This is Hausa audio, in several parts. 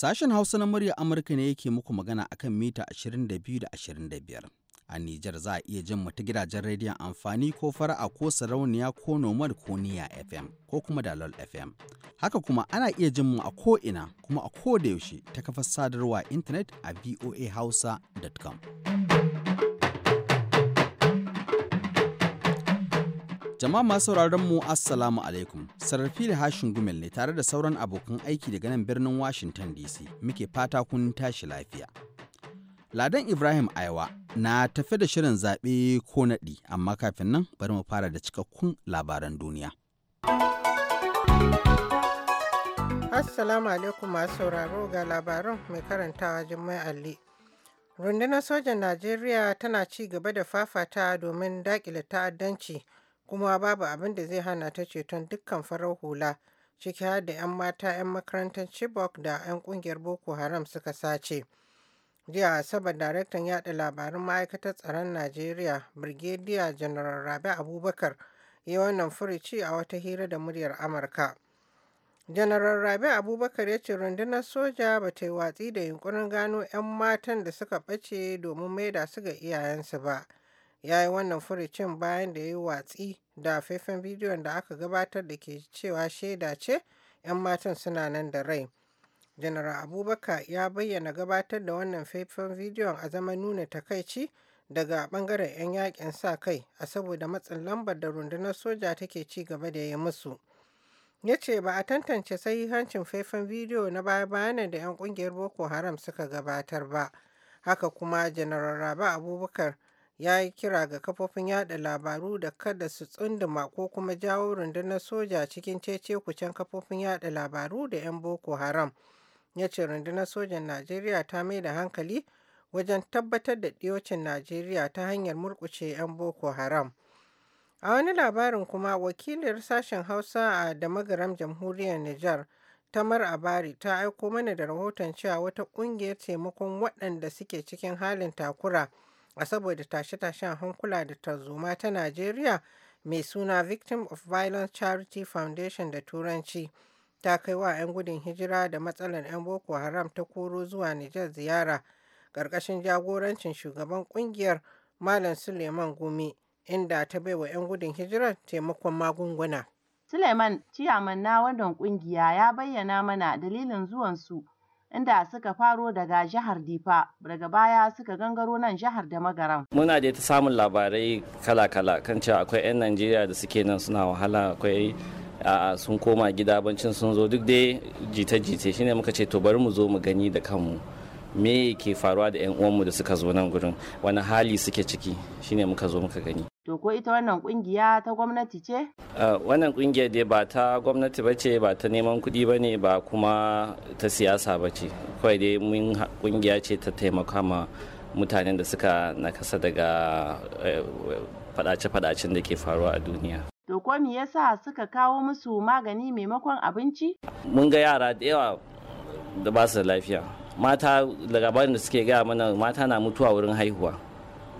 Sashen Hausa na murya Amurka ne yake muku magana akan mita 22 da 25. A Nijar za a iya jin mu ta gidajen rediyon amfani ko fara'a ko sarauniya ko nomad ko niya FM ko kuma dalol FM. Haka kuma ana iya jin mu a ko'ina kuma a ko da yaushe ta kafa sadarwa intanet a voahausa.com. Jama'a masu sauraron mu Assalamu alaikum. Sarrafi da hashin gumel ne tare da sauran abokan aiki daga nan birnin Washington DC. Muke fata kun tashi lafiya. Ladan Ibrahim Aiwa na tafi da shirin zaɓe ko naɗi, amma kafin nan bari mu fara da cikakkun labaran duniya. Assalamu alaikum masu sauraro ga labaran mai karantawa Jummai Ali. Rundunar sojan Najeriya tana ci gaba da fafata domin daƙile ta'addanci. kuma babu abin da zai hana ta ceton dukkan farar hula ciki har da 'yan mata 'yan makarantar Chibok da 'yan kungiyar Boko Haram suka sace. Jiya Asabar daraktan yada Labarin ma'aikatar tsaron Najeriya, Brigadier General Rabi Abubakar, ya wannan furici a wata hira da muryar Amurka. General Rabi Abubakar ya ce rundunar soja ba ta yi watsi da yunkurin gano 'yan matan da suka ɓace domin maida su ga iyayensu ba. ya yi wannan furucin bayan da ya yi watsi da faifan bidiyon da aka gabatar da ke cewa shaida ce 'yan matan suna nan da rai. General Abubakar ya bayyana gabatar da wannan faifan bidiyon a zaman nuna takaici daga bangaren 'yan yakin sa kai a saboda matsin lambar da rundunar soja take ci gaba da yi musu. Ya ce ba a tantance sahihancin faifan bidiyo na baya-bayanan da 'yan kungiyar Boko Haram suka gabatar ba. Haka kuma General Rabi Abubakar ya yi kira ga kafofin yada labaru da kada su tsunduma ko kuma jawo rundunar soja cikin cece kucen kafofin yada labaru da 'yan boko haram ya ce rundunar sojan najeriya ta mai da hankali wajen tabbatar da diyocin najeriya ta hanyar murkuce 'yan boko haram a wani labarin kuma Wakilin sashen hausa a da magaram jamhuriyar nijar tamar abari ta aiko mana da rahoton cewa wata ƙungiyar taimakon waɗanda suke cikin halin takura a saboda tashe-tashen hankula da tarzoma ta Najeriya mai suna Victim of Violence Charity Foundation da Turanci ta kai wa 'yan gudun hijira da matsalar 'yan Boko Haram ta koro zuwa Nijar ziyara ƙarƙashin jagorancin shugaban ƙungiyar Malam Suleiman Gumi inda ta bai wa 'yan gudun hijirar taimakon magunguna. Suleiman ciyaman na wannan ƙungiya ya bayyana mana dalilin zuwansu inda suka faro daga jihar Difa daga baya suka gangaro nan jihar da magaran. Muna da ta samun labarai kala-kala kan cewa akwai 'yan Najeriya da suke nan suna wahala akwai sun koma gida bancin sun zo duk dai jita-jita shine muka ce to bari mu zo mu gani da kanmu me ke faruwa da 'yan uwanmu da suka zo nan gurin wani hali suke ciki shine muka zo muka gani To ko ita wannan kungiya ta gwamnati ce? Wannan kungiyar dai ba ta gwamnati ba ce ba ta neman kuɗi ba ne ba kuma ta siyasa ba ce. Kawai dai mun kungiya ce ta taimaka ma mutanen da suka nakasa daga eh, fadace-fadacen da ke faruwa a duniya. To ko me yasa suka kawo musu magani maimakon abinci? Mun ga yara da yawa da ba su da lafiya. Mata labarin da suke gaya mana mata na mutuwa wurin haihuwa.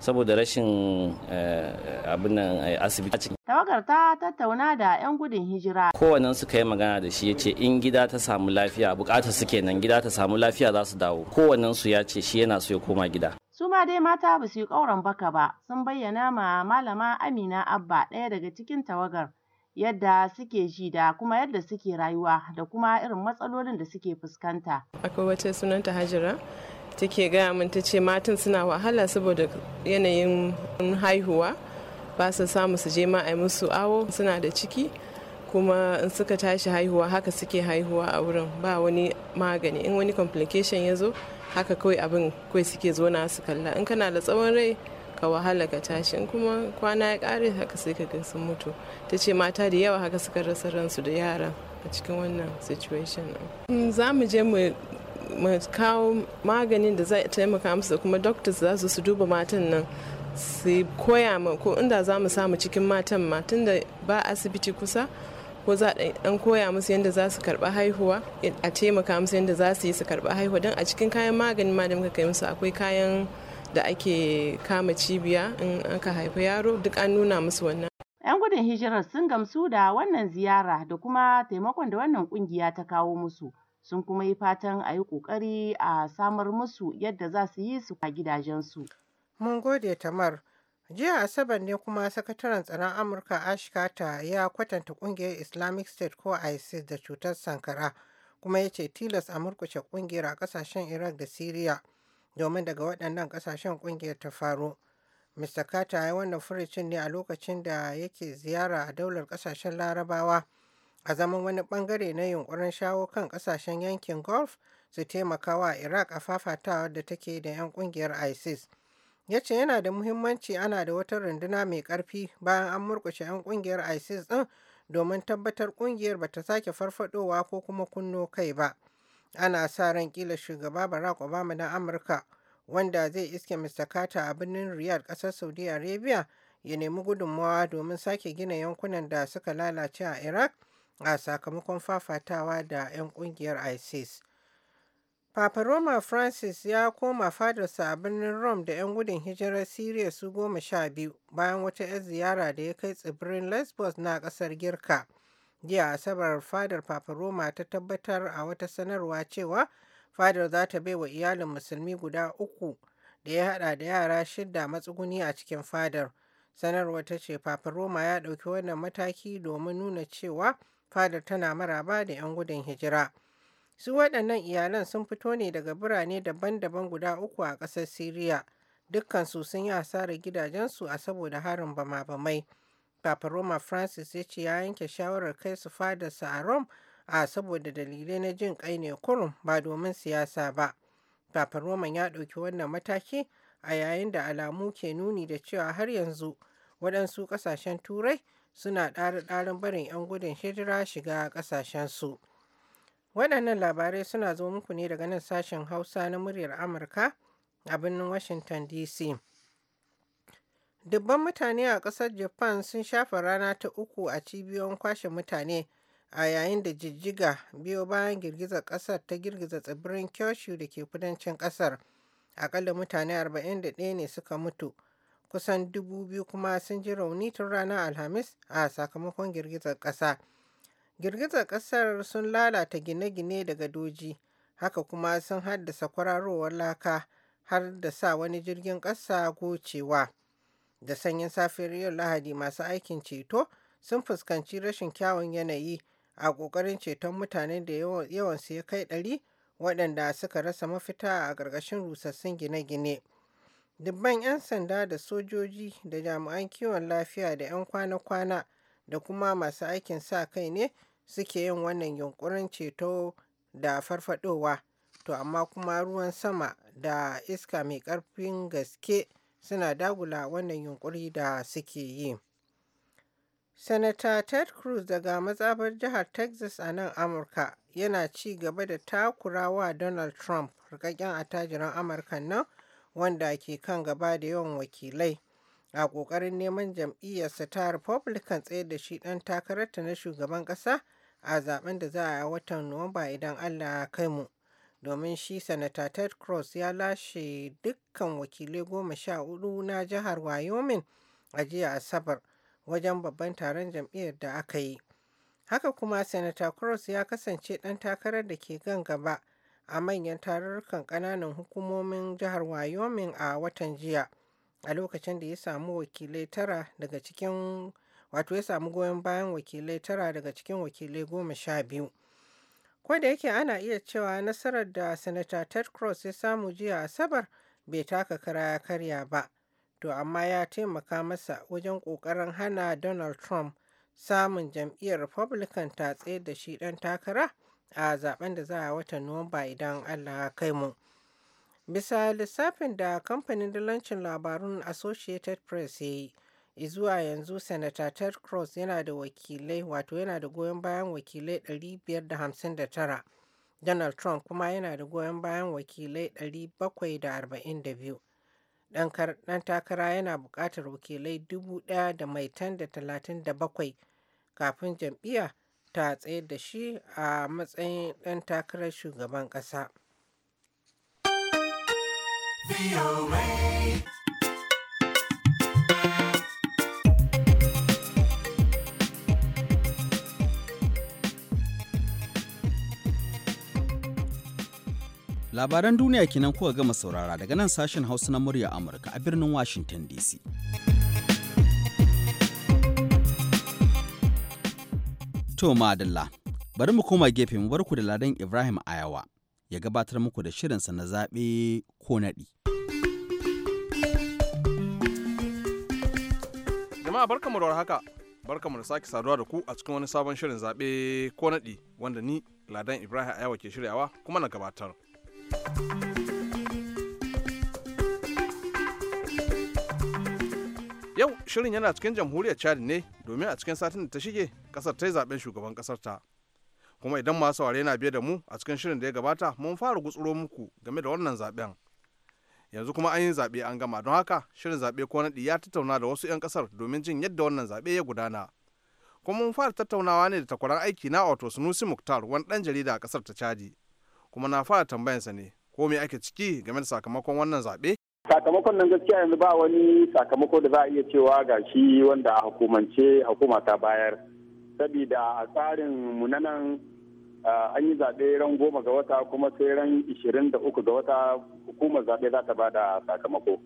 saboda rashin eh, abin nan eh, asibiti tawagar ta tattauna da 'yan gudun hijira kowannen suka yi magana da shi ya ce in gida ta samu lafiya bukatar su kenan gida ta samu lafiya za su dawo kowannen su ya ce shi yana so ya koma gida Suma dai mata ba su yi kauran baka ba sun bayyana ma malama amina abba ɗaya daga cikin tawagar yadda suke ji da kuma yadda suke rayuwa da kuma irin matsalolin da suke fuskanta akwai wace sunanta hajira take gaya min ta ce matan suna wahala saboda yanayin haihuwa ba su samu su je ma musu awo suna da ciki kuma in suka tashi haihuwa haka suke haihuwa a wurin ba wani magani in wani complication ya zo haka kawai abin kawai suke zo na su kalla in kana da tsawon rai ka wahala ka tashi in kuma kwana ya kare haka sai ka ga mutu ta ce mata da yawa haka suka rasa ransu da yara a cikin wannan situation za mu je mu mu kawo maganin da zai taimaka musu kuma doctors za su su duba matan nan su koya ma ko inda za mu samu cikin matan ma tunda ba asibiti kusa ko za dan koya musu yadda za su karba haihuwa a taimaka musu yadda za su yi su karba haihuwa don a cikin kayan maganin ma da muka kai musu akwai kayan da ake kama cibiya in aka haifi yaro duk an nuna musu wannan 'yan gudun hijirar sun gamsu da wannan ziyara da kuma taimakon da wannan kungiya ta kawo musu sun kuma yi fatan a yi ƙoƙari a samar musu yadda za su yi su a gidajensu. Mun gode Tamar. Jiya Asabar ne kuma sakataren tsaron Amurka Ash Carter ya kwatanta ƙungiyar Islamic State ko ISIS da cutar sankara kuma ya ce tilas a murkushe ƙungiyar a ƙasashen Iraq da Siriya domin daga waɗannan ƙasashen ƙungiyar ta faro. Mr. Carter ya wannan furicin ne a lokacin da yake ziyara a daular ƙasashen Larabawa. a zaman wani bangare na yunkurin shawo kan kasashen yankin gulf su taimaka wa iraq a fafatawa da take da 'yan kungiyar isis ya ce yana da muhimmanci ana da wata runduna mai karfi bayan an murkushe 'yan kungiyar isis din domin tabbatar kungiyar ba ta sake farfadowa ko kuma kunno kai ba ana sa ran kila shugaba barack obama na amurka wanda zai iske mr carter a birnin riyadh kasar saudi arabia ya nemi gudunmawa domin sake gina yankunan da suka lalace a iraq a sakamakon fafatawa da 'yan kungiyar isis Papa Roma Francis ya koma fadarsa a birnin Rome da 'yan gudun hijirar Siriya su goma sha biyu bayan wata 'yan ziyara da ya kai tsibirin Lesbos na ƙasar Girka. Jiya Asabar fadar Papa Roma ta tabbatar a wata sanarwa cewa fadar za ta bai wa iyalin musulmi guda uku da ya haɗa da yara shidda matsuguni a cikin fadar. sanarwa ta ce Papa Roma ya ɗauki wannan mataki domin nuna cewa fadar tana maraba da 'yan gudun hijira. Su waɗannan iyalan sun fito ne daga birane daban-daban guda uku a ƙasar Siriya. Dukkansu sun yi asarar gidajensu a saboda harin bama-bamai. Papa Roma Francis ya ce ya yanke shawarar kai su fadarsa a Rome a saboda dalilai na jin kai ne kurum ba domin siyasa ba. Papa Roma ya ɗauki wannan mataki a yayin da alamu ke nuni da cewa har yanzu waɗansu ƙasashen Turai suna ɗari-ɗarin barin 'yan gudun hijira shiga ƙasashensu. Waɗannan labarai suna zo muku ne daga nan sashen Hausa na muryar Amurka a birnin Washington DC. Dubban mutane a ƙasar Japan sun shafa rana ta uku a cibiyoyin kwashe mutane a yayin da jijjiga biyo bayan girgizar ƙasar ta girgiza tsibirin Kyushu da ke kudancin ƙasar. Akalla mutane 41 ne suka mutu. kusan dubu biyu kuma sun ji rauni tun ranar alhamis a sakamakon girgizar ƙasa girgizar ƙasar sun lalata gine-gine daga doji haka kuma sun haddasa kwararowar laka har da sa wani jirgin ƙasa gocewa da sanyin safiyar yau lahadi masu aikin ceto sun fuskanci rashin kyawun yanayi a ƙoƙarin ceton mutane da yawansu ya kai ɗari waɗanda suka rasa mafita a ƙarƙashin rusassun gine-gine. Dubban 'yan sanda da sojoji da jami'an kiwon lafiya da 'yan kwana-kwana da kuma masu aikin sa-kai ne suke yin wannan yunƙurin ceto da farfadowa, to amma kuma ruwan sama da iska mai ƙarfin gaske suna dagula wannan yunkuri da suke yi. Sanata Ted Cruz daga matsabar jihar Texas a nan Amurka yana ci gaba da takurawa Donald Trump, rikakken attajiran Amurka nan wanda ke kan gaba da yawan wakilai a ƙoƙarin neman jam'iyyarsa ta republican tsaye da shi ɗan takararta na shugaban ƙasa a zaben da za a watan nuwamba idan allah kai mu domin shi sanata ted cross ya lashe dukkan wakilai goma sha hudu na jihar wyoming a jiya asabar wajen babban taron jam'iyyar da aka yi haka kuma sanata cross ya kasance ɗan takarar da ke gan gaba a manyan tarurrukan kananan hukumomin jihar Wyoming a watan jiya a lokacin da ya samu wakilai tara daga cikin wato ya samu goyon bayan wakilai tara daga cikin wakilai goma sha biyu. Ko da yake ana iya cewa nasarar da Sanata Ted Cross ya samu jiya Asabar bai taka kara ya karya ba, to amma ya taimaka masa wajen kokarin hana Donald Trump samun jam'iyyar Republican ta da shi dan takara a zaben da za a watan Nuwamba idan Allah kai mu. Bisa lissafin da kamfanin dalancin labarun Associated Press ya yi, zuwa yanzu Senator Ted Cross yana da wakilai wato yana da goyon bayan wakilai 559, Donald Trump kuma yana da goyon bayan wakilai 742. Ɗan takara yana bukatar wakilai 1,037 kafin jam'iyya ta tsayar da shi a matsayin ɗan takarar shugaban ƙasa. Labaran duniya kenan kuka gama saurara daga nan sashen Hausa na murya Amurka a birnin Washington DC. To madalla, bari mu koma gefe mu barku da ladan Ibrahim Ayawa ya gabatar muku da shirinsa na zaɓe ko naɗi. Jama'a barkamu da haka barkamu da sake saduwa da ku a cikin wani sabon shirin zaɓe ko naɗi wanda ni Ladan Ibrahim Ayawa ke shiryawa kuma na gabatar. yau shirin yana cikin jamhuriyar chad ne domin a cikin satin da ta shige kasar ta yi zaɓen shugaban kasar ta kuma idan masu saurare na biye da mu a cikin shirin da ya gabata mun fara gutsuro muku game da wannan zaɓen yanzu kuma an yi zaɓe an gama don haka shirin zaɓe ko naɗi ya tattauna da wasu 'yan ƙasar domin jin yadda wannan zaɓe ya gudana kuma mun fara tattaunawa ne da takwaran aiki na wato sunusi muktar wani ɗan jarida a ƙasar ta chadi kuma na fara tambayansa ne ko me ake ciki game da sakamakon wannan zaɓe sakamakon nan gaskiya yanzu ba wani sakamako da za a iya cewa ga shi wanda a hukumance hukuma ta bayar sabida a tsarin munanan an yi zaɓe ran goma ga wata kuma sai ran ishirin da uku ga wata hukumar zaɓe za ta bada sakamako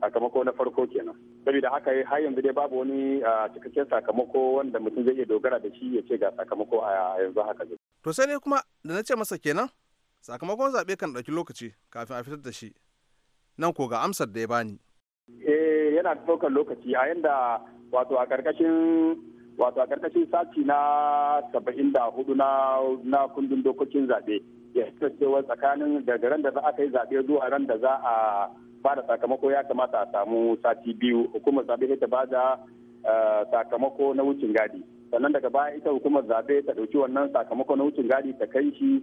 sakamako na farko kenan saboda haka har yanzu dai babu wani cikakken sakamako wanda mutum zai iya dogara da shi ya ce ga sakamako a yanzu haka to sai ne kuma da na ce masa kenan sakamakon zaɓe kan ɗauki lokaci kafin a fitar da shi nan ko ga amsar da ya bani eh yana ɗaukar lokaci a yadda wato a ƙarƙashin wato a ƙarƙashin sati na saba'in da hudu na kundin dokokin zaɓe ya cewa tsakanin daga ran da za a yi zaɓe zuwa ran da za a fara sakamako ya kamata a samu sati biyu hukumar zaɓe ta ba da eh, sakamako na wucin gadi sannan daga baya ita hukumar zaɓe ta ɗauki wannan sakamako na wucin gadi ta kai shi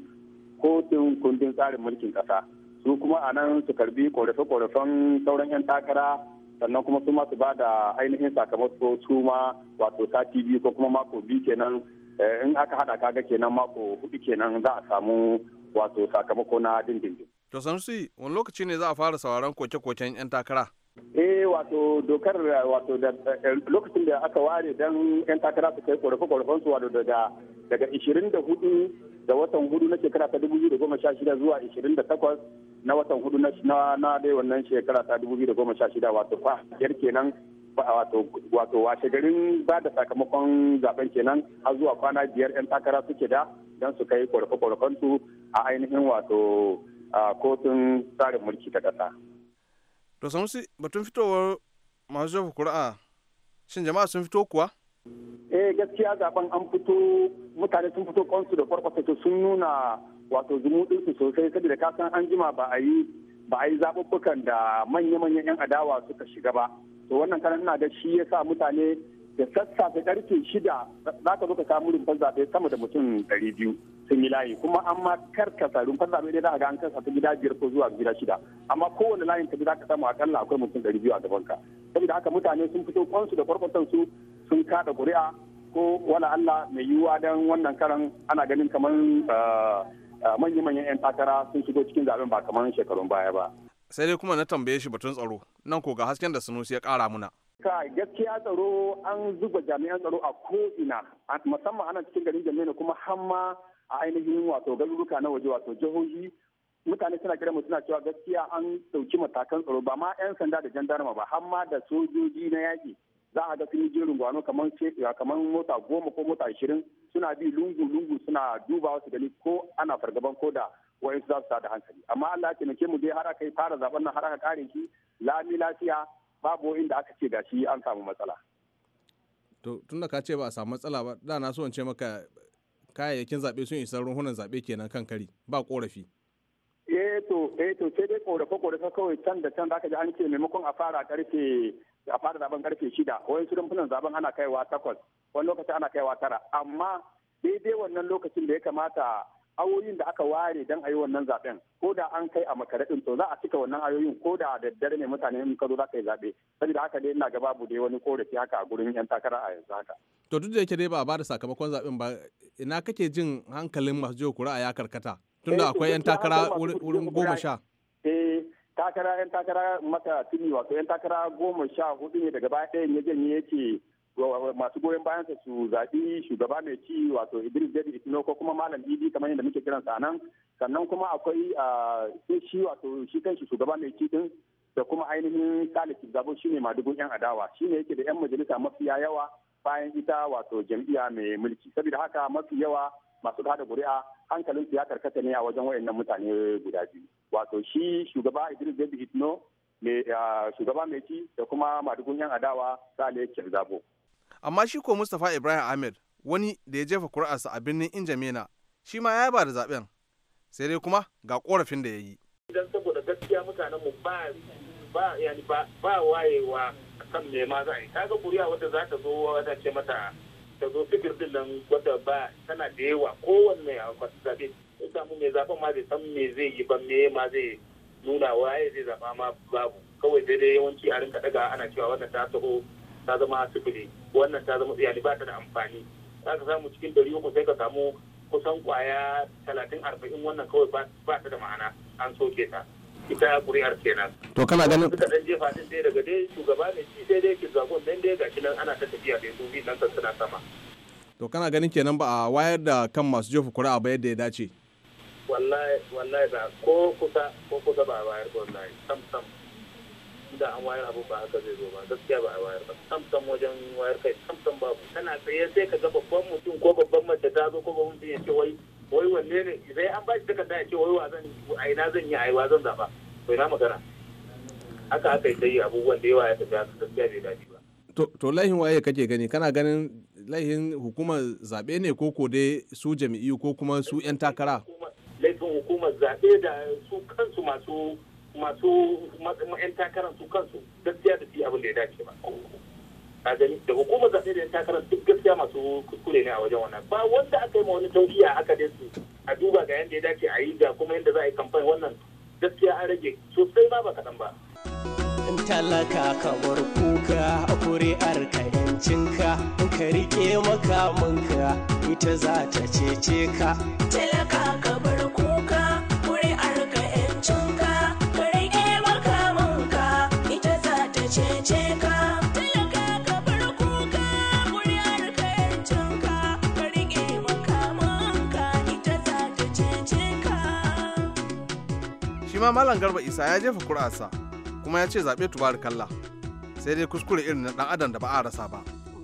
kotun kundin tsarin mulkin ƙasa su kuma a nan su karbi korafe-korafen sauran 'yan takara sannan kuma su ma su ba da ainihin sakamako su ma wato sati biyu ko kuma mako biyu kenan eh, in aka hada kaga kenan mako hudu kenan za a samu wato sakamako na dindindin. To Samsi, wani lokaci ne za a fara sauraron koke-koken 'yan takara? eh wato dokar wato da eh, lokacin da aka ware dan yan takara su kai korafe korafen su wato daga daga 24 da watan hudu na shekara ta 2016 zuwa 28 na watan hudu na na dai wannan shekara ta 2016 wato fa yar kenan wato washe garin ba da sakamakon zaben kenan har zuwa kwana biyar 'yan takara suke da don su kai korafe su a ainihin wato kotun tsarin mulki ta kasa to samusi batun fitowar masu jefa kuri'a shin jama'a sun fito kuwa? eh gaskiya zaben an fito mutane sun fito kansu da farfasa sun nuna wato zumuɗinsu sosai saboda ka san an jima ba a yi ba a yi zaɓuɓɓukan da manya-manyan 'yan adawa suka shiga ba to wannan karan ina ga shi ya sa mutane da sassafe karfe shida za ka zo ka samu rumfar zaɓe sama da mutum ɗari biyu sun yi layi kuma an ma karkasa rumfar zaɓe dai za a ga an karkasa gida biyar ko zuwa gida shida amma kowane layin tafi za ka samu akalla akwai mutum ɗari biyu a gaban ka, saboda haka mutane sun fito kwansu da kwarkwatan su sun kaɗa ƙuri'a ko wala Allah mai yiwuwa don wannan karan ana ganin kamar ah, manya-manyan ah, 'yan takara sun shigo cikin zaben ba kamar shekarun baya ba. sai dai kuma na tambaye shi batun tsaro nan ko ga hasken da sanusi ya kara muna. ka gaskiya tsaro an zuba jami'an tsaro a ko'ina musamman ana cikin garin jami'a kuma hamma a ainihin wato garuruka na waje wato jihohi mutane suna kira suna cewa gaskiya an dauki matakan tsaro ba ma 'yan sanda da jandarma ba hamma da sojoji na yaƙi za a ga sun yi jerin gwano kamar mota goma ko mota ashirin suna bi lungu-lungu suna duba su gani ko ana fargaban ko da wani su za su da hankali amma Allah ya taimake mu dai har aka yi fara zaben nan har aka kare shi lami lafiya babu inda aka ce gashi an samu matsala to tun ka ce ba a samu matsala ba da na so in ce maka kayayyakin zaɓe sun isa ruhunan zaɓe kenan kan kari ba korafi eh to eh to sai dai korafe korafe kawai can da can zaka ji an ce maimakon a fara karfe a fara zaben karfe shida wani rumfunan zaben ana kaiwa takwas wani lokaci ana kaiwa tara amma daidai wannan lokacin da ya kamata ayoyin da aka ware don a yi wannan zaben ko da an kai a makaradin to za a cika wannan ayoyin ko da daddare ne mutane in ka zo za ka yi zaɓe saboda haka dai ina ga babu dai wani korafi haka a gurin yan takara a yanzu haka. to duk da yake dai ba a bada sakamakon zaben ba ina kake jin hankalin masu jiyo kura a ya karkata tunda eh, akwai yan takara wurin goma sha. eh takara yan takara masa tuni wato yan takara goma sha hudu ne daga baya ɗayan ya janye ya ce masu goyon bayansa su zaɓi shugaba mai ci wato idris jadi itino ko kuma malam idi kamar yadda muke kiransa a nan sannan kuma akwai sai shi wato shi kanshi shugaba mai ci din da kuma ainihin salisu zabo shine madugun yan adawa shi ne yake da yan majalisa mafiya yawa bayan ita wato jam'iyya mai mulki saboda haka mafi yawa masu da ƙuri'a hankalin ya karkata ne a wajen wayannan mutane guda biyu wato shi shugaba idris debi hitno ah, shugaba mai ci da kuma madugun yan adawa sale zabo. amma shi ko mustapha ibrahim ahmed wani da ya jefa kuri'arsa a birnin injamena shi ma ya ba da zaben sai dai kuma ga korafin da ya yi idan saboda gaskiya mutanen mu ba ba yani ba wayewa kan me ma za a yi kaga kuri'a wadda za ta zo wadda ce mata ta zo figir din nan wadda ba tana da yawa kowanne a kwasu zaɓe ya samu mai zaɓen ma zai san me zai yi ba me ma zai nuna ya zai zaɓa ma babu kawai daidai yawanci a rinka daga ana cewa wannan ta taho ta zama sifili wannan ta zama tsayani ba ta da amfani za ka samu cikin dari uku sai ka samu kusan kwaya talatin arba'in wannan kawai ba ta da ma'ana an soke ta ita kuri'ar kenan to kana ganin suka dan jefa ɗin dai daga dai shugaba ne shi sai dai ke zagon nan dai gashi nan ana ta tafiya da su bi nan suna sama to kana ganin kenan ba a wayar da kan masu jefa kuri'a ba yadda ya dace wallahi wallahi ba ko kusa ko kusa ba a wayar ba wallahi sam sam da an wayar abu ba haka zai zo ba gaskiya ba a wayar ba sam sam wajen wayar kai sam sam babu kana tsaye sai ka ga babban mutum ko babban mace ta zo ko babban mutum ya ce wai wai wanne ne sai an bashi takarda ya ce wai wa zan a ina zan yi a wa zan zaba to ina magana haka aka yi dai abubuwan da yawa ya tafi haka gaskiya bai dace ba to laihin waye kake gani kana ganin laihin hukumar zabe ne ko ko dai su jami'i ko kuma su 'yan takara laifin hukumar zabe da su kansu masu masu 'yan takaran su kansu gaskiya da shi abin da ya dace ba gani da hukumar zaɓe da takarar duk gaskiya masu kuskure ne a wajen wannan ba wanda aka yi ma wani a aka dai a duba ga yadda ya dace a yi ga kuma yadda za a yi kamfan wannan gaskiya an rage sosai ba ba kaɗan ba. in talaka bar kuka a kuri'ar ka yancinka in ka riƙe makamanka ita za ta cece ka. talaka amma malam garba isa ya jefa kur'arsa kuma ya ce zaɓe tubarikalla sai dai kuskure irin na ɗan adam da ba a rasa ba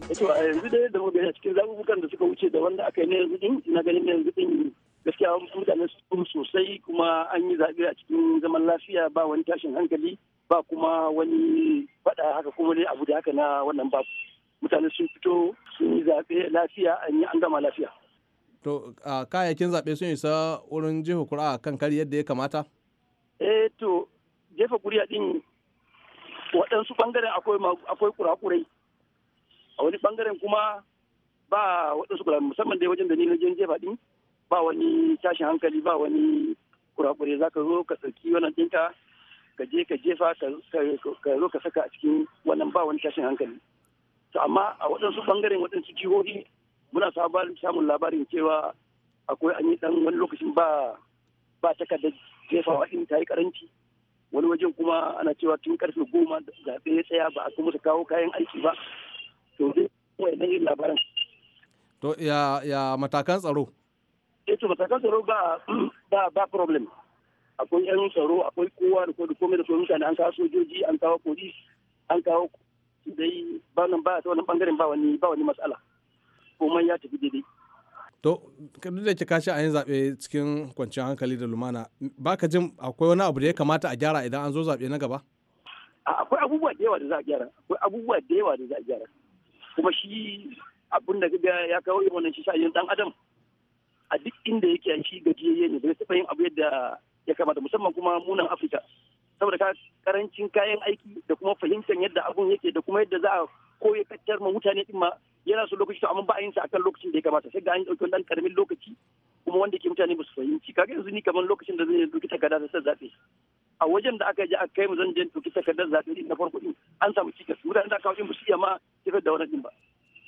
eh to a yanzu da yadda muka cikin zaɓuɓɓukan da suka wuce da wanda aka yi na yanzu din na ganin yanzu din gaskiya an mutane su sosai kuma an yi zaɓe a cikin zaman lafiya ba wani tashin hankali ba kuma wani faɗa haka kuma ne abu da haka na wannan ba mutane sun fito sun yi zaɓe lafiya an yi an gama lafiya. To kayayyakin zaɓe sun isa wurin jihu kura kan kari yadda ya kamata? eh to jefa kuri'a din waɗansu ɓangaren akwai kurakurai a wani ɓangaren kuma ba waɗansu kurakurai musamman dai wajen da ni na jefa din ba wani tashin hankali ba wani kurakurai za ka zo ka tsarki wannan ɗinka ka je ka jefa ka zo ka saka a cikin wannan ba wani tashin hankali to amma a waɗansu ɓangaren waɗansu jihohi muna samun labarin cewa akwai an yi ɗan wani lokacin ba ba takardar jefawa in ta yi karanci wani wajen kuma ana cewa tun karfe goma zaɓe ya tsaya ba a kuma su kawo kayan aiki ba to zai wai na yin labaran. to ya ya matakan tsaro. eh to matakan tsaro ba ba ba problem akwai yan tsaro akwai kowa da kowa komai da komai an kawo sojoji an kawo polis an kawo dai ba nan ba ta wani bangaren ba wani ba wani matsala komai ya tafi daidai. to duk da ke kashi a yin zaɓe cikin kwanciyar hankali da lumana ba ka jin akwai wani abu da ya kamata a gyara idan an zo zaɓe na gaba akwai abubuwa da yawa da za a gyara akwai abubuwa da yawa da za a gyara kuma shi abun da ga ya kawo irin wannan shi dan adam a duk inda yake shi gajiyayye ne bai taɓa yin abu yadda ya kamata musamman kuma munan afirka saboda karancin kayan aiki da kuma fahimtar yadda abun yake da kuma yadda za a ko ya kaddar ma mutane din ma yana so lokaci to amma ba a yin sa akan lokacin da ya kamata sai ga an dauki wannan karamin lokaci kuma wanda ke mutane ba su fahimci kaga yanzu ni kaman lokacin da zan yi duki takarda da sai zabe a wajen da aka je aka kai mu zan je dauki takardar zabe din na farko din an samu cikas mutane da kawo din su iya ma tafiyar da wannan din ba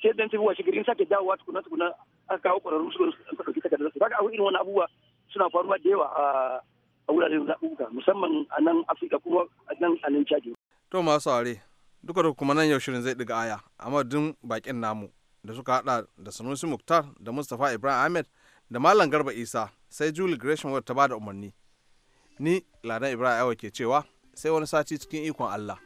sai dan tafi washe gari in sake dawowa tukuna tukuna aka kawo kwararru su ka duki takardar su kaga a irin wani abubuwa suna faruwa da yawa a wuraren zaɓuɓɓuka musamman a nan afirka kuma a nan a nan caji. to masu are duka da kuma nan yau shirin zai ɗiga aya a madadin bakin namu da suka hada da sanusi muktar da mustapha ibrahim ahmed da malam garba isa sai julie gresham wadda ta ba da umarni ni ladan ibrahim ke cewa sai wani sati cikin ikon allah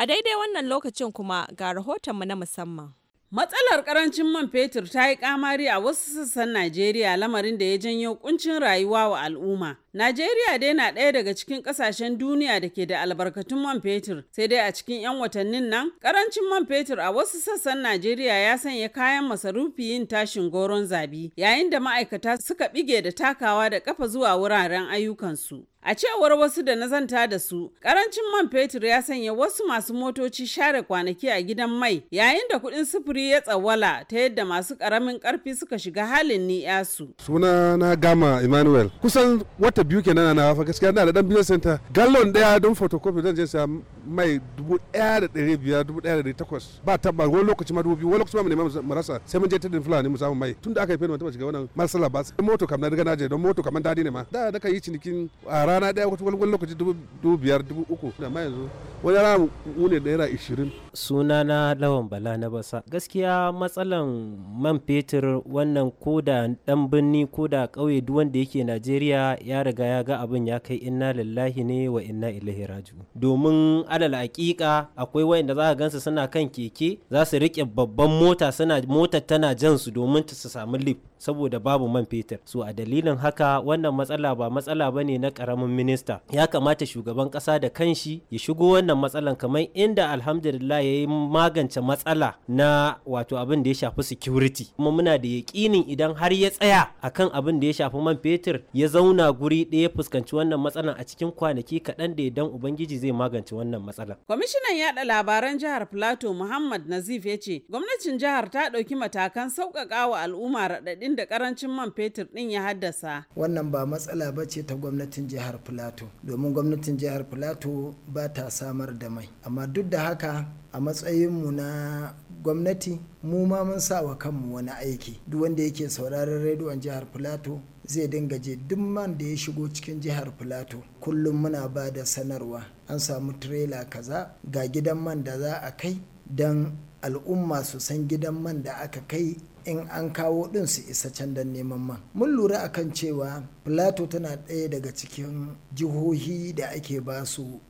a daidai wannan lokacin kuma ga rahoton rahotonmu na musamman Matsalar karancin man fetur ta yi kamari a wasu sassan Najeriya lamarin da ya janyo kuncin rayuwa wa al'umma. Najeriya dai na ɗaya daga cikin ƙasashen duniya da ke da albarkatun man fetur, sai dai a cikin 'yan watannin nan, ƙarancin man fetur a wasu sassan Najeriya ya sanya kayan masarufi yin tashin goron zabi, yayin da ma'aikata suka ɓige da takawa da ƙafa zuwa wuraren ayyukansu. A cewar wasu da nazanta da su, ƙarancin man fetur ya sanya wasu masu motoci share kwanaki a gidan mai, yayin da kuɗin sufuri ya tsawwala ta yadda masu ƙaramin ƙarfi suka shiga halin ni'yasu. Suna na Gama Emmanuel, kusan ta biyu kenan na fa gaskiya na da dan business center gallon daya don photocopy zan je saya mai dubu ɗaya da biyar dubu ɗaya da takwas ba tabba wani lokaci ma dubu biyu wani lokaci ma mu nema mu rasa sai mun je din fulani mu samu mai tun da aka yi fena mutum shiga wannan marsala ba sai moto kam na riga na je don moto kamar daɗi ne ma da da ka yi cinikin a rana wata wani lokaci dubu biyar dubu uku da ma yanzu wani rana mu ne naira ishirin. sunana lawan bala na basa gaskiya matsalan man fetur wannan ko da ɗan birni ko da kauye duk wanda yake najeriya ya riga ya ga abin ya kai inna lillahi ne wa inna ilaihi raju domin alal hakika akwai wayanda za ka gansu suna kan keke za su riƙe babban mota suna motar tana jan su domin su samu lift saboda babu man fetur so a dalilin haka wannan matsala ba matsala ba ne na karamin minista ya kamata shugaban kasa da kanshi ya shigo wannan matsalan kamar inda alhamdulillah ya yi magance matsala na wato abin da ya shafi security kuma muna da yakinin idan har ya tsaya akan abin da ya shafi man fetur ya zauna guri ɗaya fuskanci wannan matsalan a cikin kwanaki kaɗan da idan ubangiji zai magance wannan matsalan kwamishinan yaɗa labaran jihar plateau muhammad nazif ya ce gwamnatin jihar ta ɗauki matakan sauƙaƙa wa al'umma raɗaɗin inda da karancin man fetur din ya haddasa. Wannan ba matsala ba ce ta gwamnatin jihar Filato, domin gwamnatin jihar Filato ba ta samar da mai. Amma duk da haka a matsayinmu na gwamnati mu ma mun sa wa kanmu wani aiki duk wanda yake sauraron rediyon jihar filato zai dinga je duk man da ya shigo cikin jihar filato kullum muna ba da sanarwa an samu tirela kaza ga gidan man da za a kai don al'umma su san gidan man da aka kai in an kawo ɗin su isa can don neman man mun lura a kan cewa plateau tana ɗaya daga cikin jihohi da ake ba su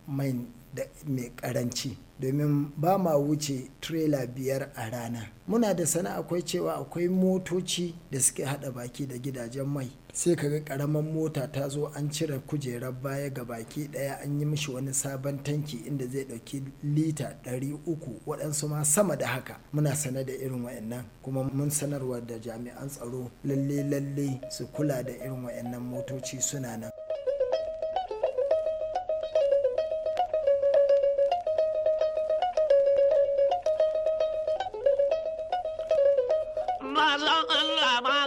da mai karanci domin ba ma wuce trailer biyar a rana muna da sana akwai cewa akwai motoci da suke hada baki da gidajen mai sai kaga karamar mota ta zo an cire kujerar baya ga baki daya an yi mishi wani sabon tanki inda zai dauki lita uku waɗansu ma sama da haka muna sane da irin wayannan kuma mun sanarwa da jami'an tsaro lalle lalle su kula da irin wayannan motoci suna nan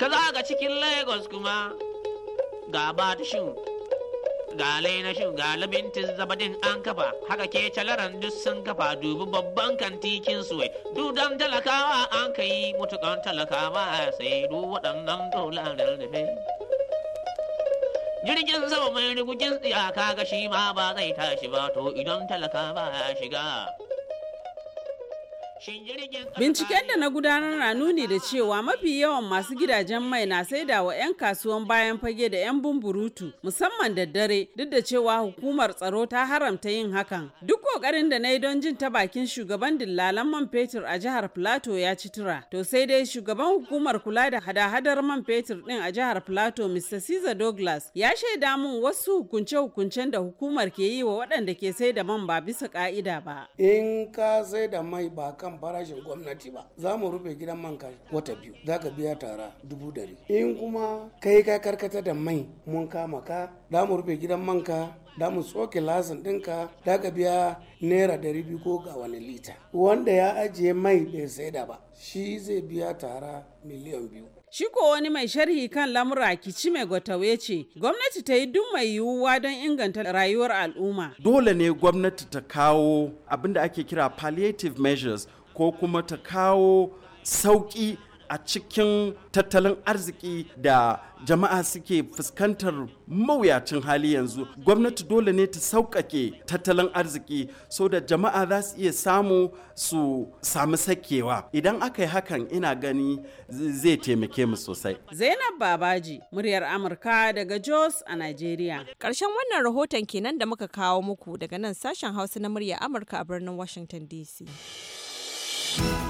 ka ga cikin lagos kuma ga batishin ga laina lainashin ga labintin zabadin an kafa haka ke calaran duk sun kafa dubi babban kantikin suwai dudan talakawa an ka yi mutukan talakawa sai du waɗannan dolarar da jirgin sama mai rigugin tsiyaka ga shi ma ba zai tashi ba to idan talakawa ya shiga Binciken da na gudanar na nuni da cewa mafi yawan masu gidajen mai na saida wa 'yan kasuwan bayan fage da 'yan bumburutu musamman da dare duk da cewa hukumar tsaro ta haramta yin hakan. Duk kokarin da na yi don jin ta bakin shugaban dillalan man fetur a jihar Plateau ya ci tura. To sai dai shugaban hukumar kula da hada-hadar man fetur din a jihar Plateau Mr. Caesar Douglas ya shaida mun wasu hukunce-hukuncen da hukumar ke yi wa waɗanda ke saida man ba bisa ka'ida ba. In ka saida mai ba kan farashin gwamnati ba za mu rufe gidan man ka wata biyu za ka biya tara dubu dari in kuma kai ka karkata da mai mun kama ka za mu rufe gidan man ka da mu soke lasin ɗinka da ka biya naira dari biyu ko ga wani lita wanda ya ajiye mai bai saida ba shi zai biya tara miliyan biyu Shi wani mai sharhi kan lamura kici mai gwatawe ce, gwamnati ta yi duk mai yiwuwa don inganta rayuwar al'umma. Dole ne gwamnati ta kawo abin da ake kira palliative measures ko kuma ta kawo sauƙi a cikin tattalin arziki da jama'a suke fuskantar mawuyacin hali yanzu gwamnati dole ne ta sauƙaƙe tattalin arziki so da jama'a za su iya samu su sami sakewa idan aka yi hakan ina gani zai taimake mu sosai zainab babaji muryar amurka daga jos a nigeria ƙarshen wannan rahoton kenan da muka kawo muku daga nan sashen hausa na murya amurka a birnin washington dc you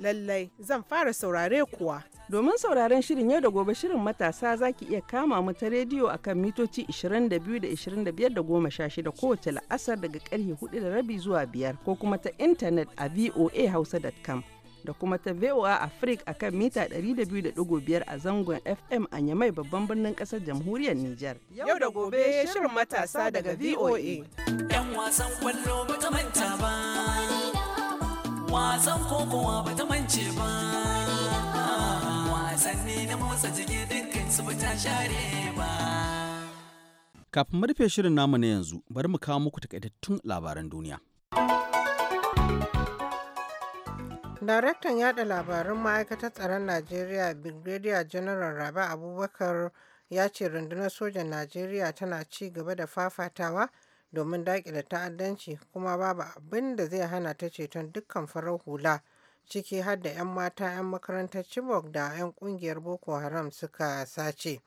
lallai zan fara saurare kuwa. Domin sauraren shirin yau da gobe shirin matasa za ki iya kama mu ta rediyo a kan mitoci 22 da 25 da 16 kowace la'asar daga karhe 4 da rabi zuwa biyar ko kuma ta intanet a voahausa.com da kuma ta VOA Africa a kan mita 200.5 a zangon FM a Yamai babban birnin kasar jamhuriyar Nijar. Yau da gobe shirin matasa daga VOA. 'Yan wasan wasan kokowa ba ta mance ba wasanni na motsa jiki dukkan su ba ta share ba kafin rufe shirin namu na yanzu bari mu kawo muku takaitattun labaran duniya daraktan yada labarun ma'aikatar tsaron najeriya brigadier general rabi abubakar ya ce rundunar sojan najeriya tana ci gaba da fafatawa domin daƙile ta'addanci kuma babu abin da zai hana ta ceton dukkan farar hula ciki har da 'yan mata 'yan makarantar Chibok da 'yan ƙungiyar Boko Haram suka sace.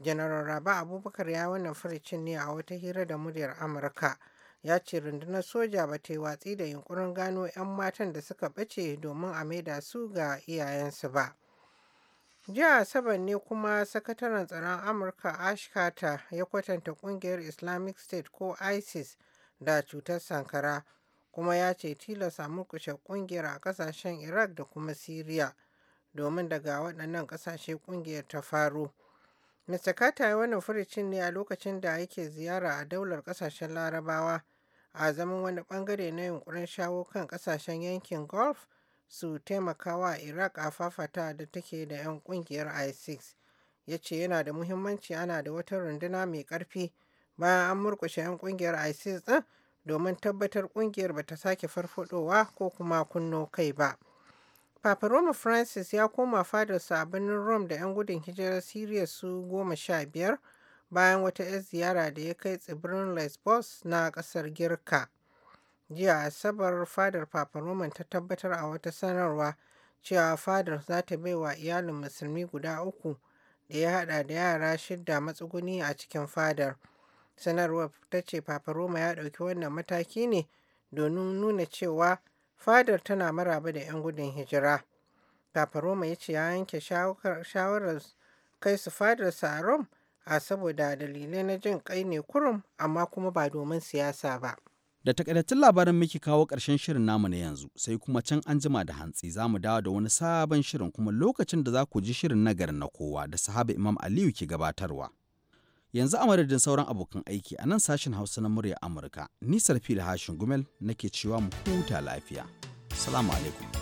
General Raba Abubakar ya wannan furicin ne a wata hira da muryar Amurka. Ya ce rundunar soja ba ta yi watsi da yunkurin gano 'yan matan da suka bace domin a maida su ga iyayensu ba. Jiya Asabar ne kuma Sakataren Tsaron Amurka Ash Carter ya kwatanta ƙungiyar Islamic State ko ISIS da cutar sankara kuma ya ce tilas murkushe murƙushe ƙungiyar a ƙasashen Iraq da kuma Syria, domin daga waɗannan ƙasashe ƙungiyar ta faro. Mr. Carter ya wannan furicin ne a lokacin da yake ziyara a daular ƙasashen Larabawa a zaman wani ɓangare na yunƙurin shawo kan ƙasashen yankin golf. su taimakawa Iraq a fafata da take da 'yan kungiyar ISIS. Ya ce yana da muhimmanci ana da wata runduna mai ƙarfi bayan an murkushe 'yan kungiyar ISIS din, domin tabbatar kungiyar bata sake farfadowa ko kuma kunno kai ba. Papa Roma Francis ya koma fadarsa a birnin Rome da 'yan gudun hijirar Siriya su goma sha biyar bayan wata 'yan ziyara da ya kai tsibirin Lesbos na ƙasar Girka. Jiya Asabar fadar Papa Roman ta tabbatar a wata sanarwa cewa fadar za ta bai wa iyalin musulmi guda uku da ya haɗa da yara shidda matsuguni a cikin fadar. Sanarwar ta ce Papa Roma ya ɗauki wannan mataki ne domin nuna cewa fadar tana maraba da 'yan gudun hijira. Papa Roma ya ce ya yanke shawarar kai su fadarsa a rom a saboda dalilai na jin kai ne kurum amma kuma ba domin siyasa ba. Da takaitattun labaran muke kawo ƙarshen shirin namu na yanzu sai kuma can an jima da hantsi za mu dawo da wani sabon shirin kuma lokacin da za ku ji shirin na garin na kowa da sahaba Imam Aliyu ke gabatarwa. Yanzu a madadin sauran abokan aiki a nan sashen Hausa na murya Amurka, ni da Hashin Gumel nake cewa mu huta lafiya. Salamu alaikum.